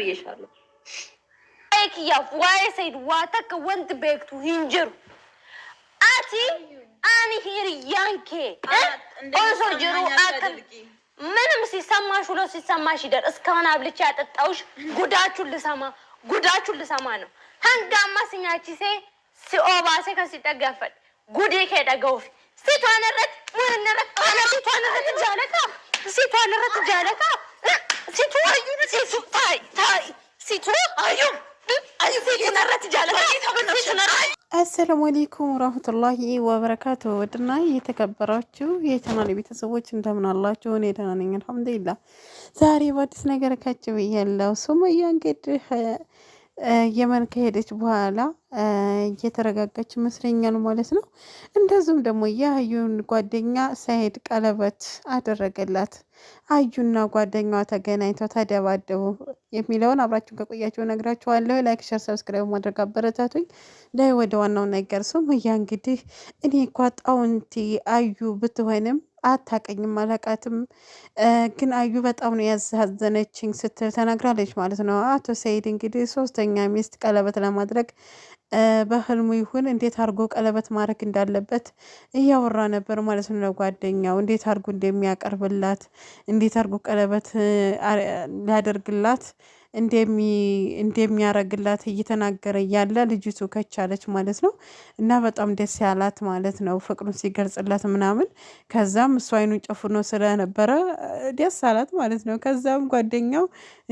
ብዬሻለሁ። ክያፍ ዋይ ሰይድ ዋተከ ወንት ቤክቱ ሂንጅሩ አቲ አኒ ሂር ያንኬ ኦሶ ጅሩ አቅም ምንም ሲሰማሽ ውሎ ሲሰማሽ ይደር። እስካሁን አብልቼ ያጠጣውሽ ጉዳችሁን ልሰማ ጉዳችሁን ልሰማ ነው። ሀንጋማ ስኛቺሴ ሲኦባሴ ከሲጠገፈል ጉዴ ከደገውፍ ሲቷንረት ሙንንረት ሆነ ሲቷንረት ጃለካ ሲቷንረት ጃለካ አሰላሙ አሌይኩም ወራህመቱላሂ ወበረካቱ። ውድና የተከበራችሁ የቻናል ቤተሰቦች እንደምን አላችሁ? እኔ ደህና ነኝ አልሐምዱሊላህ። ዛሬ በአዲስ ነገር ካቸው ያለው ሱመያ እንግዲህ የመን ከሄደች በኋላ እየተረጋጋች ይመስለኛል ማለት ነው። እንደዚሁም ደግሞ የአዩን ጓደኛ ሰኢድ ቀለበት አደረገላት። አዩና ጓደኛዋ ተገናኝተው ተደባደቡ የሚለውን አብራችሁን ከቆያችሁ እነግራችኋለሁ። ላይክ፣ ሸር፣ ሰብስክራይብ ማድረግ አበረታቱኝ። ላይ ወደ ዋናው ነገር ሱመያ እንግዲህ እኔ እኳ ጣውንቲ አዩ ብትሆንም አታቀኝም አላቃትም፣ ግን አዩ በጣም ነው ያዛዘነችኝ ስትል ተናግራለች ማለት ነው። አቶ ሰኢድ እንግዲህ ሶስተኛ ሚስት ቀለበት ለማድረግ በህልሙ ይሁን እንዴት አድርጎ ቀለበት ማድረግ እንዳለበት እያወራ ነበር ማለት ነው። ለጓደኛው እንዴት አድርጎ እንደሚያቀርብላት እንዴት አድርጎ ቀለበት ሊያደርግላት እንደሚያረግላት እየተናገረ እያለ ልጅቱ ከቻለች ማለት ነው። እና በጣም ደስ ያላት ማለት ነው ፍቅሩን ሲገልጽላት ምናምን። ከዛም እሱ አይኑን ጨፍኖ ስለነበረ ደስ አላት ማለት ነው። ከዛም ጓደኛው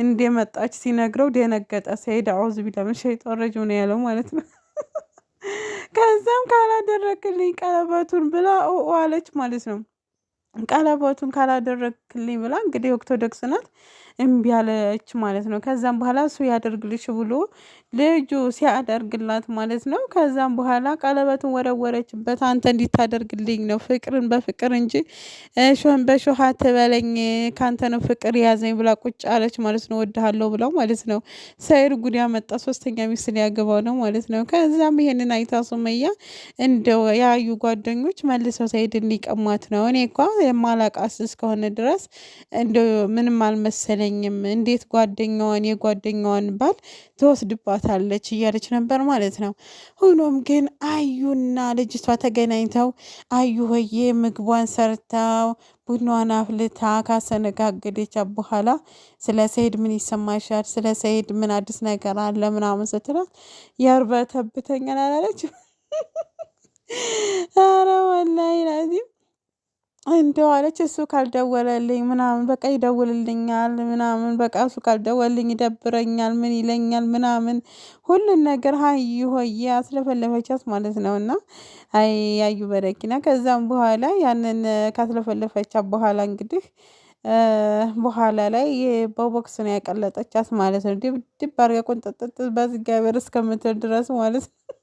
እንደመጣች ሲነግረው ደነገጠ። ሰይድ አውዝ ቢለምን ሸይጣን ረጅም ነው ያለው ማለት ነው። ከዛም ካላደረግልኝ ቀለበቱን ብላ አለች ማለት ነው። ቀለበቱን ካላደረግክልኝ ብላ እንግዲህ ኦርቶዶክስ ናት እምቢ አለች ማለት ነው። ከዛም በኋላ እሱ ያደርግልሽ ብሎ ልጁ ሲያደርግላት ማለት ነው። ከዛም በኋላ ቀለበቱን ወረወረችበት። አንተ እንዲታደርግልኝ ነው ፍቅርን በፍቅር እንጂ ሾህን በሾህ አትበለኝ፣ ከአንተ ነው ፍቅር የያዘኝ ብላ ቁጭ አለች ማለት ነው። ወድሃለሁ ብለው ማለት ነው። ሰይድ ጉድ ያመጣ ሶስተኛ ሚስት ሊያገባው ነው ማለት ነው። ከዛም ይሄንን አይታ ሱመያ እንደው ያዩ ጓደኞች መልሰው ሰይድን ሊቀሟት ነው እኔ እኳ የማላቃስ እስከሆነ ድረስ እንደ ምንም አልመሰለኝም። እንዴት ጓደኛዋን የጓደኛዋን ባል ትወስድባታለች እያለች ነበር ማለት ነው። ሆኖም ግን አዩና ልጅቷ ተገናኝተው አዩ ሆዬ ምግቧን ሰርታው ቡናዋን አፍልታ ካሰነጋገደች በኋላ ስለ ሰይድ ምን ይሰማሻል? ስለ ሰይድ ምን አዲስ ነገር አለ? ምናምን ስትላት ያርበተብተኛል አላለች እንደው አለች እሱ ካልደወለልኝ ምናምን በቃ ይደውልልኛል ምናምን በቃ እሱ ካልደወልኝ ይደብረኛል፣ ምን ይለኛል ምናምን ሁሉን ነገር ሀዩ ሆዬ አስለፈለፈቻት ማለት ነው። እና አይ ያዩ በረኪና ከዛም በኋላ ያንን ካስለፈለፈቻት በኋላ እንግዲህ በኋላ ላይ በቦክስ ነው ያቀለጠቻት ማለት ነው። ድብድብ አድርጋ ቁንጥጥጥ በእግዚአብሔር እስከምትል ድረስ ማለት ነው።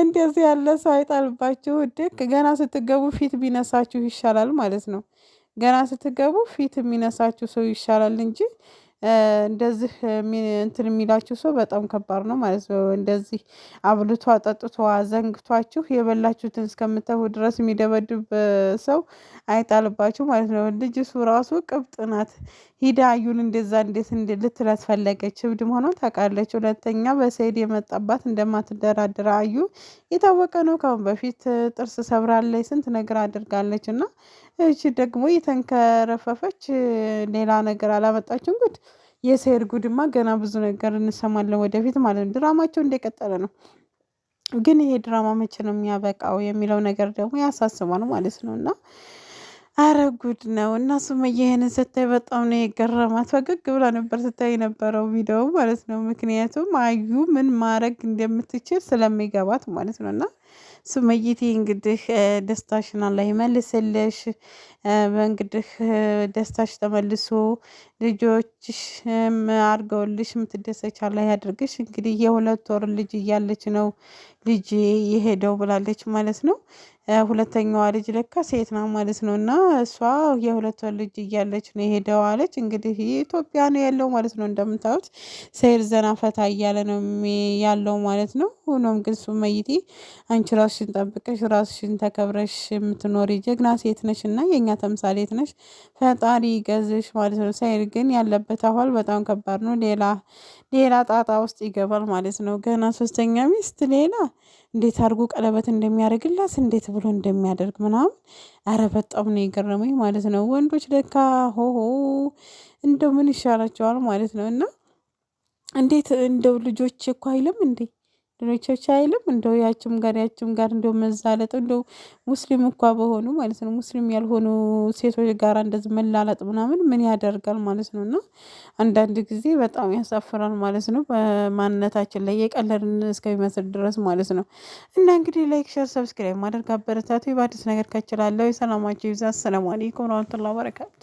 እንደዚህ ያለ ሰው አይጣልባችሁ። ድክ ገና ስትገቡ ፊት ቢነሳችሁ ይሻላል ማለት ነው። ገና ስትገቡ ፊት የሚነሳችሁ ሰው ይሻላል እንጂ እንደዚህ እንትን የሚላችሁ ሰው በጣም ከባድ ነው ማለት ነው። እንደዚህ አብልቷ ጠጥቷ ዘንግቷችሁ የበላችሁትን እስከምተው ድረስ የሚደበድብ ሰው አይጣልባችሁ ማለት ነው። ልጅ እሱ ራሱ ቅብጥ ናት። ሂዳ አዩን እንደዛ እንዴት ልትላት ፈለገች? እብድ መሆኗን ታውቃለች። ሁለተኛ በሰይድ የመጣባት እንደማትደራድር አዩ የታወቀ ነው። ከአሁን በፊት ጥርስ ሰብራለች፣ ስንት ነገር አድርጋለች እና እቺ ደግሞ የተንከረፈፈች ሌላ ነገር አላመጣችም። ጉድ የሰይድ ጉድማ ገና ብዙ ነገር እንሰማለን ወደፊት ማለት ነው። ድራማቸው እንደቀጠለ ነው። ግን ይሄ ድራማ መቼ ነው የሚያበቃው የሚለው ነገር ደግሞ ያሳስባል ማለት ነው እና አረ ጉድ ነው እና ሱመያ ይህንን ስታይ በጣም ነው የገረማት። ፈገግ ብላ ነበር ስታይ የነበረው ቪዲዮ ማለት ነው። ምክንያቱም አዩ ምን ማድረግ እንደምትችል ስለሚገባት ማለት ነው እና ሱመይቴ እንግዲህ ደስታሽን አላህ ይመልስልሽ። በእንግዲህ ደስታሽ ተመልሶ ልጆችሽ አድርገውልሽ የምትደሰች አላህ ያድርግሽ። እንግዲህ የሁለት ወር ልጅ እያለች ነው ልጅ የሄደው ብላለች ማለት ነው። ሁለተኛዋ ልጅ ለካ ሴት ናት ማለት ነው። እና እሷ የሁለት ወር ልጅ እያለች ነው የሄደው አለች። እንግዲህ የኢትዮጵያ ነው ያለው ማለት ነው። እንደምታዩት ሰይድ ዘና ፈታ እያለ ነው ያለው ማለት ነው። ሆኖም ግን ሱመይቴ አንቺ ራስሽን ጠብቀሽ ራስሽን ተከብረሽ የምትኖሪ ጀግና ሴት ነሽ እና የእኛ ተምሳሌት ነሽ። ፈጣሪ ገዝሽ ማለት ነው። ሳይል ግን ያለበት አኋል በጣም ከባድ ነው። ሌላ ሌላ ጣጣ ውስጥ ይገባል ማለት ነው። ገና ሶስተኛ ሚስት ሌላ እንዴት አድርጎ ቀለበት እንደሚያደርግላት እንዴት ብሎ እንደሚያደርግ ምናምን፣ ኧረ በጣም ነው የገረመኝ ማለት ነው። ወንዶች ለካ ሆሆ እንደው ምን ይሻላቸዋል ማለት ነው። እና እንዴት እንደው ልጆች እኮ አይልም እንዴ ሪቸርች አይልም እንደው ያችም ጋር ያችም ጋር እንደው መዛለጥ እንደው ሙስሊም እኳ በሆኑ ማለት ነው ሙስሊም ያልሆኑ ሴቶች ጋር እንደዚህ መላላጥ ምናምን ምን ያደርጋል ማለት ነው። እና አንዳንድ ጊዜ በጣም ያሳፍራል ማለት ነው። በማንነታችን ላይ የቀለድን እስከሚመስል ድረስ ማለት ነው። እና እንግዲህ ላይክ፣ ሸር፣ ሰብስክራይብ ማድረግ አበረታቱ። በአዲስ ነገር ከችላለሁ የሰላማቸው ይብዛ። አሰላሙ አለይኩም ረመቱላ በረካቱ